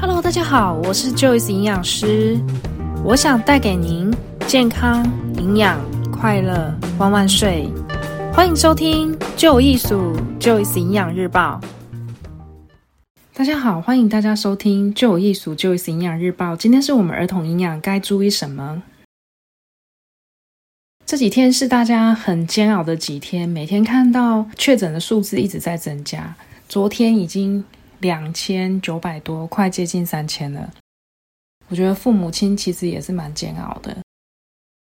Hello，大家好，我是 Joyce 營養師，我想帶給您健康、營養、快樂、萬萬歲。歡迎收聽《舊藝署 Joyce 營養日報》。大家好，歡迎大家收聽《舊藝署 Joyce 營養日報》。今天是我們兒童營養，該注意什麼？這幾天是大家很煎熬的幾天，每天看到確診的數字一直在增加。昨天已經，兩千九百多，快接近三千了。我覺得父母親其實也是蠻煎熬的。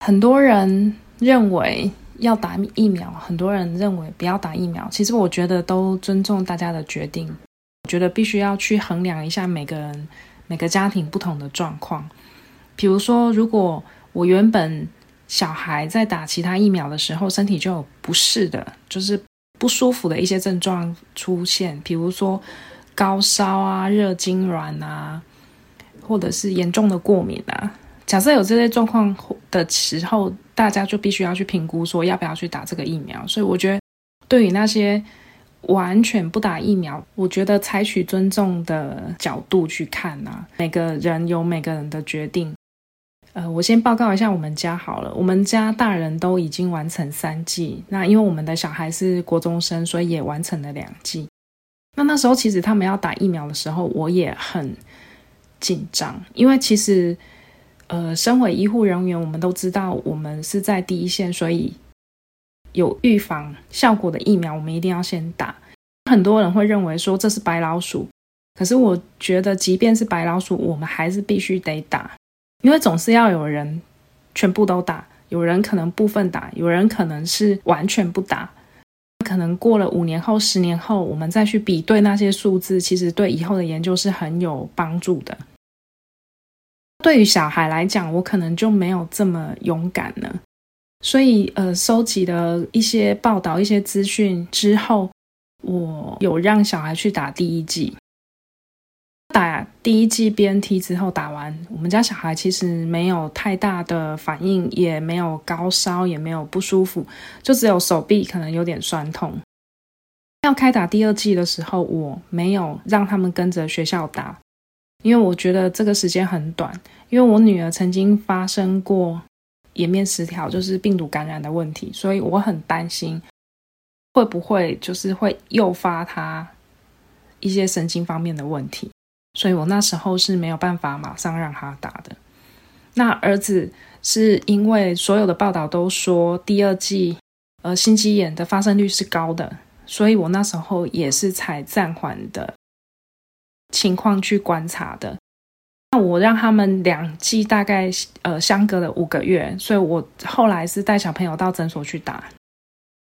很多人認為要打疫苗，很多人認為不要打疫苗。其實我覺得都尊重大家的決定。我覺得必須要去衡量一下每個人、每個家庭不同的狀況。比如說，如果我原本小孩在打其他疫苗的時候，身體就有不適的，就是不舒服的一些症狀出現，比如說。高燒啊，熱痙攣啊，或者是嚴重的過敏啊，假設有這些狀況的時候，大家就必須要去評估，說要不要去打這個疫苗。所以我覺得，對於那些完全不打疫苗，我覺得採取尊重的角度去看啊，每個人有每個人的決定。呃，我先報告一下我們家好了，我們家大人都已經完成三劑，那因為我們的小孩是國中生，所以也完成了兩劑。那那時候，其實他們要打疫苗的時候，我也很緊張，因為其實，呃，身為醫護人員，我們都知道我們是在第一線，所以有預防效果的疫苗，我們一定要先打。很多人會認為說這是白老鼠，可是我覺得，即便是白老鼠，我們還是必須得打，因為總是要有人全部都打，有人可能部分打，有人可能是完全不打。可能過了五年後、十年後，我們再去比對那些數字，其實對以後的研究是很有幫助的。對於小孩來講，我可能就沒有這麼勇敢了。所以，呃，收集的一些報道、一些資訊之後，我有讓小孩去打第一劑。打第一劑 BNT 之後，打完我們家小孩其實沒有太大的反應，也沒有高燒，也沒有不舒服，就只有手臂可能有點痠痛。要開打第二劑的時候，我沒有讓他們跟着學校打，因為我覺得這個時間很短。因為我女兒曾經發生過顏面失調，就是病毒感染的問題，所以我很擔心會不會就是會誘發她一些神經方面的問題。所以我那時候是沒有辦法馬上讓他打的。那兒子是因為所有的報道都說第二劑，呃，心肌炎的發生率是高的，所以我那時候也是才暫緩的情況去觀察的。那我讓他們兩劑大概呃相隔了五個月，所以我後來是帶小朋友到診所去打，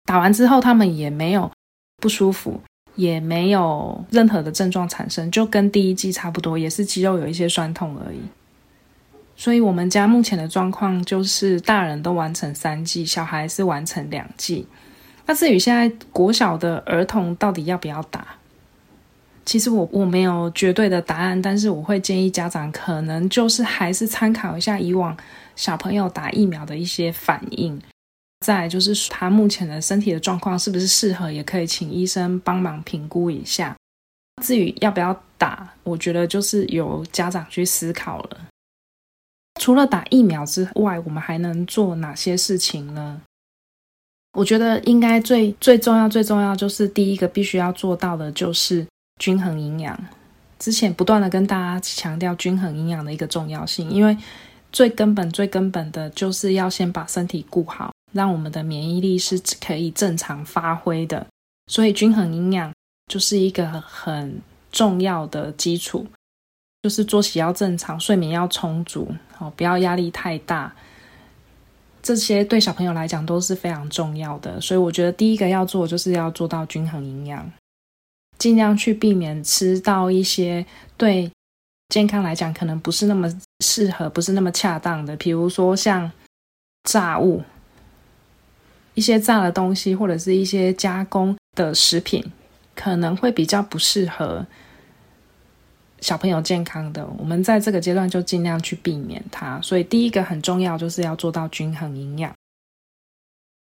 打完之後他們也沒有不舒服，也沒有任何的症狀產生，就跟第一劑差不多，也是肌肉有一些痠痛而已。所以，我們家目前的狀況就是大人都完成三劑，小孩是完成兩劑。那至於現在國小的兒童到底要不要打？其實我我沒有絕對的答案，但是我會建議家長可能就是還是參考一下以往小朋友打疫苗的一些反應。再就是他目前的身體的狀況是不是適合，也可以請醫生幫忙評估一下。至於要不要打，我覺得就是由家長去思考了。除了打疫苗之外，我們還能做哪些事情呢？我覺得應該最最重要最重要就是第一個必須要做到的就是均衡營養。之前不斷的跟大家強調均衡營養的一個重要性，因為最根本最根本的就是要先把身體顧好。讓我們的免疫力是可以正常發揮的，所以均衡營養就是一個很重要的基礎。就是作息要正常，睡眠要充足，哦，不要壓力太大，這些對小朋友來講都是非常重要的。所以我覺得第一個要做，就是要做到均衡營養，盡量去避免吃到一些對健康來講可能不是那麼適合，不是那麼恰當的，比如說像炸物。一些炸的東西，或者是一些加工的食品，可能會比較不適合小朋友健康的。我們在這個階段就盡量去避免它。所以，第一個很重要，就是要做到均衡營養。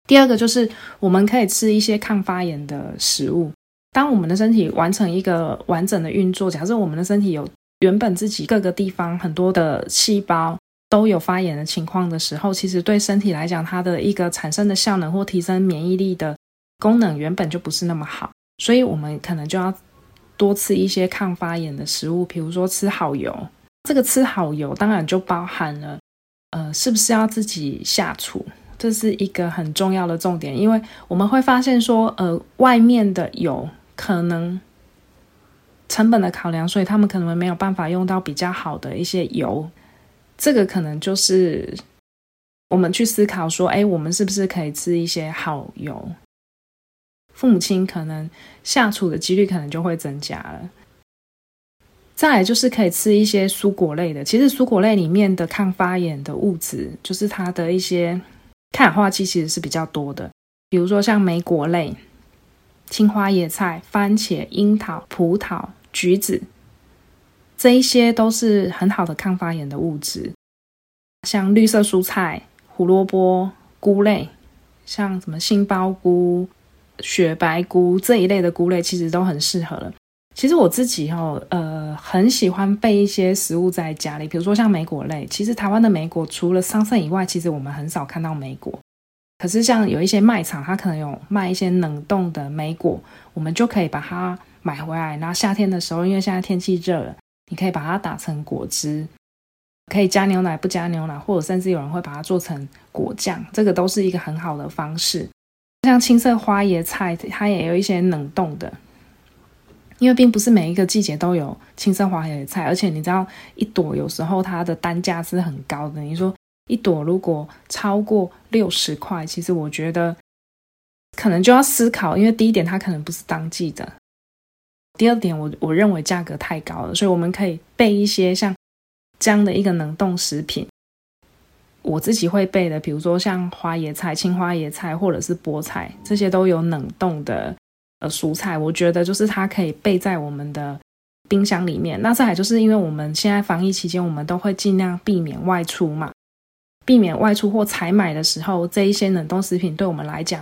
第二個就是我們可以吃一些抗發炎的食物。當我們的身體完成一個完整的運作，假設我們的身體有原本自己各個地方很多的細胞，都有發炎的情況的時候，其實對身體來講，它的一個產生的效能或提升免疫力的功能原本就不是那麼好，所以我們可能就要多吃一些抗發炎的食物，比如說吃好油。這個吃好油，當然就包含了，呃，是不是要自己下廚，這是一個很重要的重點，因為我們會發現說，呃，外面的油可能成本的考量，所以他們可能沒有辦法用到比較好的一些油。這個可能就是我們去思考說，哎，我們是不是可以吃一些好油？父母親可能下廚的幾率可能就會增加了。再來就是可以吃一些蔬果類的，其實蔬果類裡面的抗發炎的物質，就是它的一些抗氧化劑，其實是比較多的。比如說像莓果類、青花椰菜、番茄、櫻桃、葡萄、橘子。這一些都是很好的抗發炎的物質，像綠色蔬菜、胡蘿蔔、菇類，像什麼杏鮑菇、雪白菇這一類的菇類，其實都很適合了。其實我自己哦，呃，很喜歡備一些食物在家裡，比如說像莓果類。其實台灣的莓果除了桑葚以外，其實我們很少看到莓果。可是像有一些賣場，它可能有賣一些冷凍的莓果，我們就可以把它買回來。然後夏天的時候，因為現在天氣熱了。你可以把它打成果汁，可以加牛奶不加牛奶，或者甚至有人會把它做成果醬，這個都是一個很好的方式。像青色花椰菜，它也有一些冷凍的，因為並不是每一個季節都有青色花椰菜，而且你知道一朵有時候它的單價是很高的。你說一朵如果超過六十塊，其實我覺得可能就要思考，因為第一點它可能不是當季的。第二點，我我認為價格太高了，所以我們可以備一些像這樣的一個冷凍食品。我自己會備的，比如說像花椰菜、青花椰菜或者是菠菜，這些都有冷凍的呃蔬菜。我覺得就是它可以備在我們的冰箱裡面。那再來就是因為我們現在防疫期間，我們都會盡量避免外出嘛，避免外出或採買的時候，這一些冷凍食品對我們來講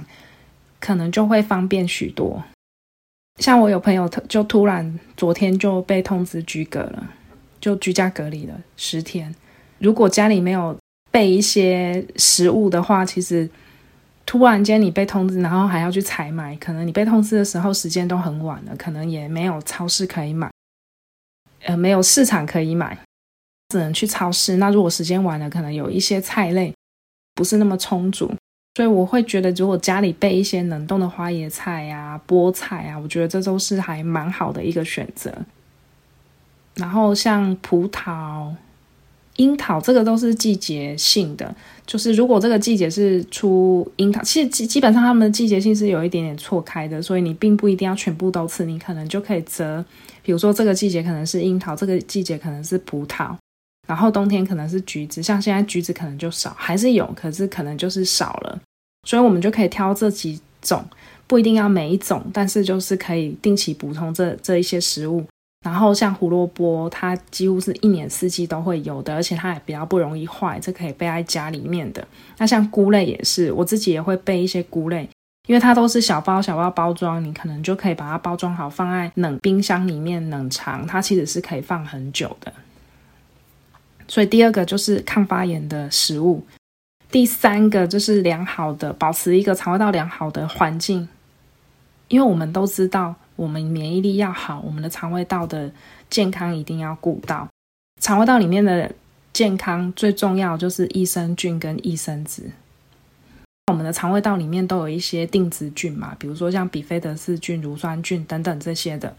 可能就會方便許多。像我有朋友，就突然昨天就被通知居隔了，就居家隔離了十天。如果家裡沒有備一些食物的話，其實突然間你被通知，然後還要去採買，可能你被通知的時候時間都很晚了，可能也沒有超市可以買，呃，沒有市場可以買，只能去超市。那如果時間晚了，可能有一些菜類不是那麼充足。所以我會覺得，如果家裡備一些冷凍的花椰菜啊、菠菜啊，我覺得這都是還蠻好的一個選擇。然後像葡萄、櫻桃，這個都是季節性的，就是如果這個季節是出櫻桃，其實基本上它們的季節性是有一點點錯開的，所以你並不一定要全部都吃，你可能就可以擇，比如說這個季節可能是櫻桃，這個季節可能是葡萄。然後冬天可能是橘子，像現在橘子可能就少，還是有，可是可能就是少了，所以我們就可以挑這幾種，不一定要每一種，但是就是可以定期補充這這一些食物。然後像胡蘿蔔，它幾乎是一年四季都會有的，而且它也比較不容易壞，這可以備在家裡面的。那像菇類也是，我自己也會備一些菇類，因為它都是小包小包包裝，你可能就可以把它包裝好，放在冷冰箱裡面冷藏，它其實是可以放很久的。所以第二個就是抗發炎的食物，第三個就是良好的保持一個腸胃道良好的環境，因為我們都知道，我們免疫力要好，我們的腸胃道的健康一定要顧到。腸胃道裡面的健康最重要就是益生菌跟益生質。我們的腸胃道裡面都有一些定植菌嘛，比如說像比菲德氏菌、乳酸菌等等這些的，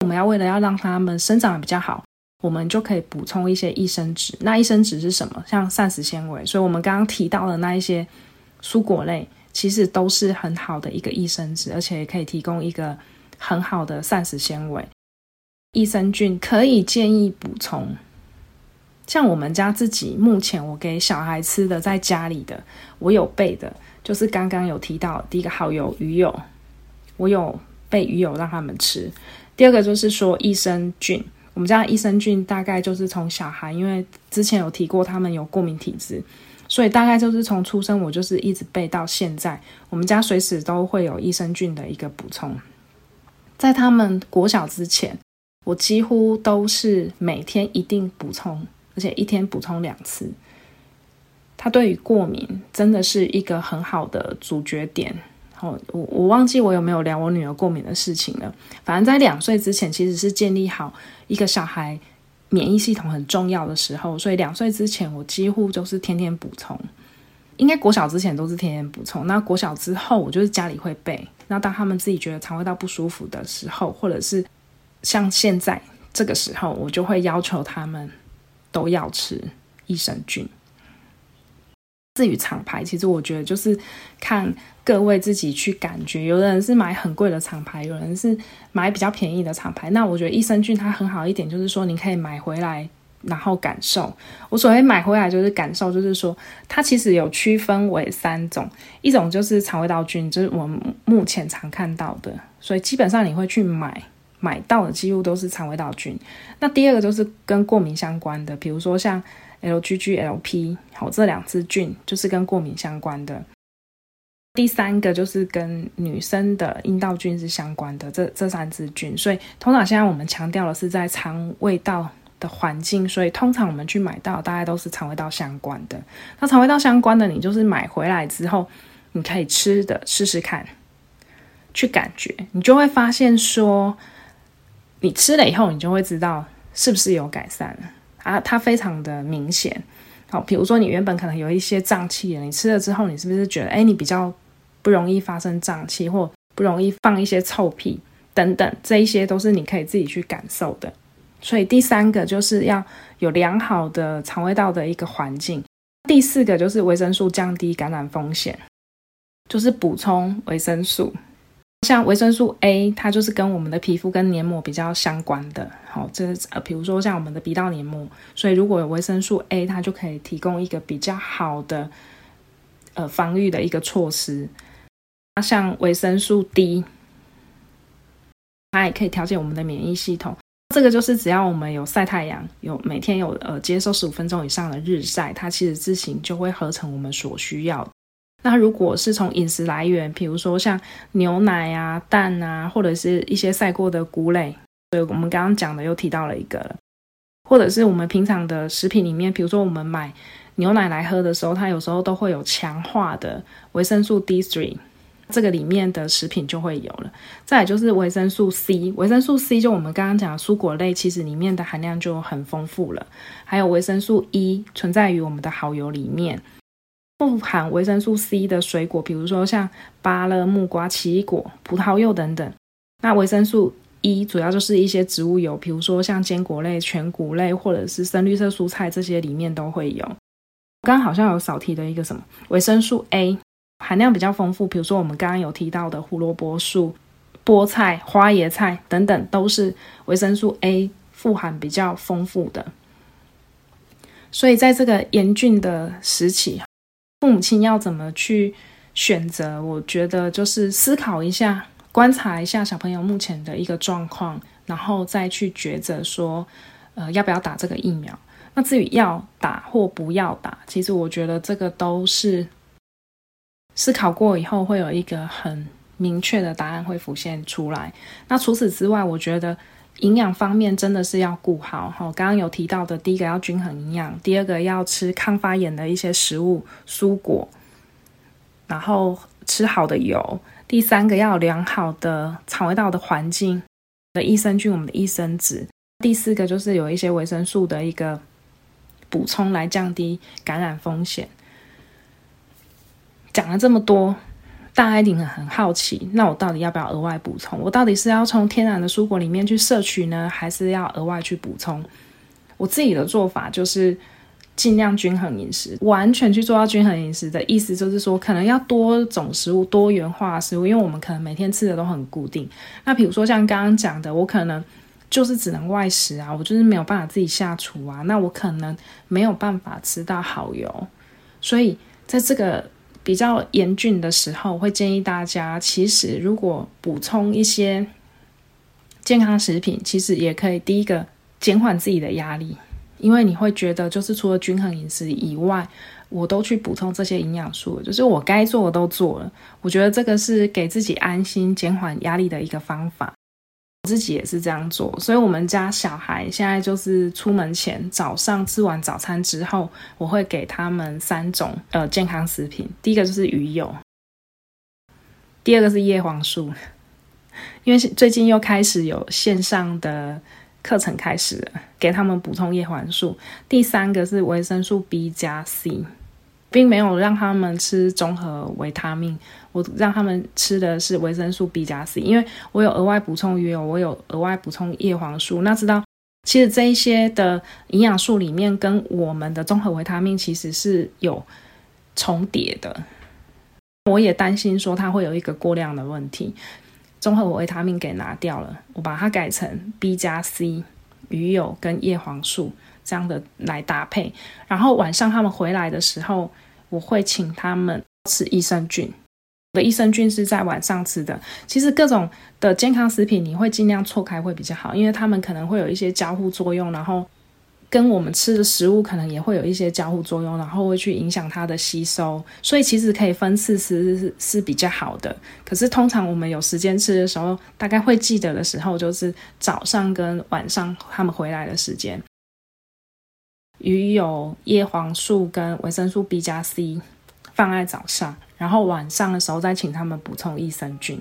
我們要為了要讓它們生長的比較好。我們就可以補充一些益生質，那益生質是什麼？像膳食纖維，所以我們剛剛提到的那一些蔬果類，其實都是很好的一個益生質，而且也可以提供一個很好的膳食纖維。益生菌可以建議補充。像我們家自己，目前我給小孩吃的，在家裡的我有備的，就是剛剛有提到，第一個好友魚油，我有備魚油讓他們吃。第二個就是說益生菌。我們家的益生菌大概就是從小孩，因為之前有提過他們有過敏體質，所以大概就是從出生我就是一直備到現在，我們家隨時都會有益生菌的一個補充。在他們國小之前，我幾乎都是每天一定補充，而且一天補充兩次。它對於過敏真的是一個很好的主角點。哦、我我忘記我有沒有聊我女兒過敏的事情了。反正在兩歲之前，其實是建立好一個小孩免疫系統很重要的時候，所以兩歲之前我幾乎就是天天補充，應該國小之前都是天天補充。那國小之後，我就是家裡會備。那當他們自己覺得腸胃道不舒服的時候，或者是像現在這個時候，我就會要求他們都要吃益生菌。至於廠牌，其實我覺得就是看。各位自己去感覺，有的人是買很貴的廠牌，有人是買比較便宜的廠牌。那我覺得益生菌它很好一點，就是說你可以買回來然後感受。我所謂買回來就是感受，就是說它其實有區分為三種，一種就是腸胃道菌，就是我們目前常看到的，所以基本上你會去買買到的幾乎都是腸胃道菌。那第二個就是跟過敏相關的，比如說像 LGG、LP，好，這兩支菌就是跟過敏相關的。第三個就是跟女生的陰道菌是相關的。這這三支菌，所以通常現在我們強調的是在腸胃道的環境，所以通常我們去買到，大概都是腸胃道相關的。那腸胃道相關的，你就是買回來之後，你可以吃的，試試看，去感覺，你就會發現說，你吃了以後，你就會知道是不是有改善啊，它非常的明顯。好，比如說你原本可能有一些脹氣的，你吃了之後，你是不是覺得，欸，你比較不容易發生脹氣，或不容易放一些臭屁等等，這一些都是你可以自己去感受的。所以第三個就是要有良好的腸胃道的一個環境，第四個就是維生素降低感染風險，就是補充維生素。像維生素 A，它就是跟我們的皮膚跟黏膜比較相關的。好，這呃，比如說像我們的鼻道黏膜，所以如果有維生素 A，它就可以提供一個比較好的呃防禦的一個措施。那、啊、像維生素 D，它也可以調節我們的免疫系統。這個就是只要我們有晒太陽，有每天有呃接受十五分鐘以上的日曬，它其實自行就會合成我們所需要的。那如果是從飲食來源，比如說像牛奶啊、蛋啊，或者是一些曬過的菇類，所以我們剛剛講的又提到了一個了，或者是我們平常的食品裡面，比如說我們買牛奶來喝的時候，它有時候都會有強化的維生素 D3，這個裡面的食品就會有了。再來就是維生素 C，維生素 C 就我們剛剛講的蔬果類，其實裡面的含量就很豐富了。還有維生素 E 存在於我們的蠔油裡面。富含維生素 C 的水果，比如說像芭樂、木瓜、奇異果、葡萄柚等等。那維生素 E 主要就是一些植物油，比如說像堅果類、全穀類或者是深綠色蔬菜這些裡面都會有。剛剛好像有少提的一個什麼維生素 A 含量比較豐富，比如說我們剛剛有提到的胡蘿蔔素、菠菜、花椰菜等等，都是維生素 A 富含比較豐富的。所以在這個嚴峻的時期。父母親要怎麼去選擇？我覺得就是思考一下，觀察一下小朋友目前的一個狀況，然後再去抉擇說，呃，要不要打這個疫苗。那至於要打或不要打，其實我覺得這個都是思考過以後，會有一個很明確的答案會浮現出來。那除此之外，我覺得。營養方面真的是要顧好，哈、哦，剛剛有提到的，第一個要均衡營養，第二個要吃抗發炎的一些食物蔬果，然後吃好的油，第三個要良好的腸胃道的環境的益生菌，我們的益生質，第四個就是有一些維生素的一個補充來降低感染風險。講了這麼多。大家一定很很好奇，那我到底要不要額外補充？我到底是要從天然的蔬果裡面去攝取呢，還是要額外去補充？我自己的做法就是盡量均衡飲食。完全去做到均衡飲食的意思，就是說可能要多種食物，多元化食物，因為我們可能每天吃的都很固定。那比如說像剛剛講的，我可能就是只能外食啊，我就是沒有辦法自己下廚啊，那我可能沒有辦法吃到好油，所以在這個。比較嚴峻的時候，我會建議大家，其實如果補充一些健康食品，其實也可以第一個減緩自己的壓力，因為你會覺得，就是除了均衡飲食以外，我都去補充這些營養素，就是我該做的都做了，我覺得這個是給自己安心、減緩壓力的一個方法。我自己也是這樣做，所以，我們家小孩現在就是出門前，早上吃完早餐之後，我會給他們三種呃健康食品。第一個就是魚油，第二個是葉黃素，因為最近又開始有線上的課程開始了，給他們補充葉黃素。第三個是維生素 B 加 C，並沒有讓他們吃綜合維他命。我讓他們吃的是維生素 B 加 C，因為我有額外補充魚油，我有額外補充葉黃素。那知道其實這一些的營養素裡面跟我們的綜合維他命其實是有重疊的。我也擔心說它會有一個過量的問題，綜合維他命給拿掉了，我把它改成 B 加 C、魚油跟葉黃素這樣的來搭配。然後晚上他們回來的時候，我會請他們吃益生菌。的益生菌是在晚上吃的。其實各種的健康食品你會儘量錯開會比較好，因為它們可能會有一些交互作用，然後跟我們吃的食物可能也會有一些交互作用，然後會去影響它的吸收，所以其實可以分次吃是，是比較好的。可是通常我們有時間吃的時候，大概會記得的時候就是早上跟晚上他們回來的時間。魚有葉黃素跟維生素 B 加 C。放在早上，然後晚上的時候再請他們補充益生菌。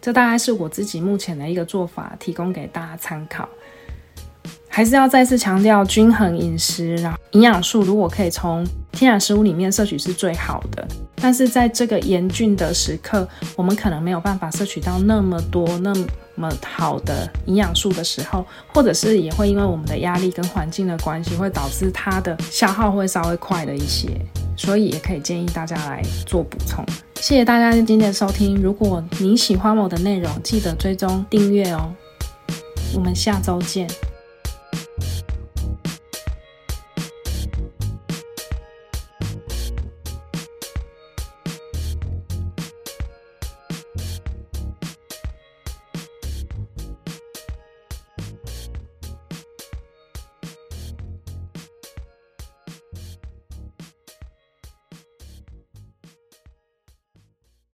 這大概是我自己目前的一個做法，提供給大家參考。還是要再次強調，均衡飲食，然後營養素如果可以從天然食物裡面攝取是最好的。但是在這個嚴峻的時刻，我們可能沒有辦法攝取到那麼多那麼好的營養素的時候，或者是也會因為我們的壓力跟環境的關係，會導致它的消耗會稍微快了一些。所以也可以建議大家來做補充。謝謝大家今天的收聽。如果你喜歡我的內容，記得追蹤訂閱哦。我們下周見。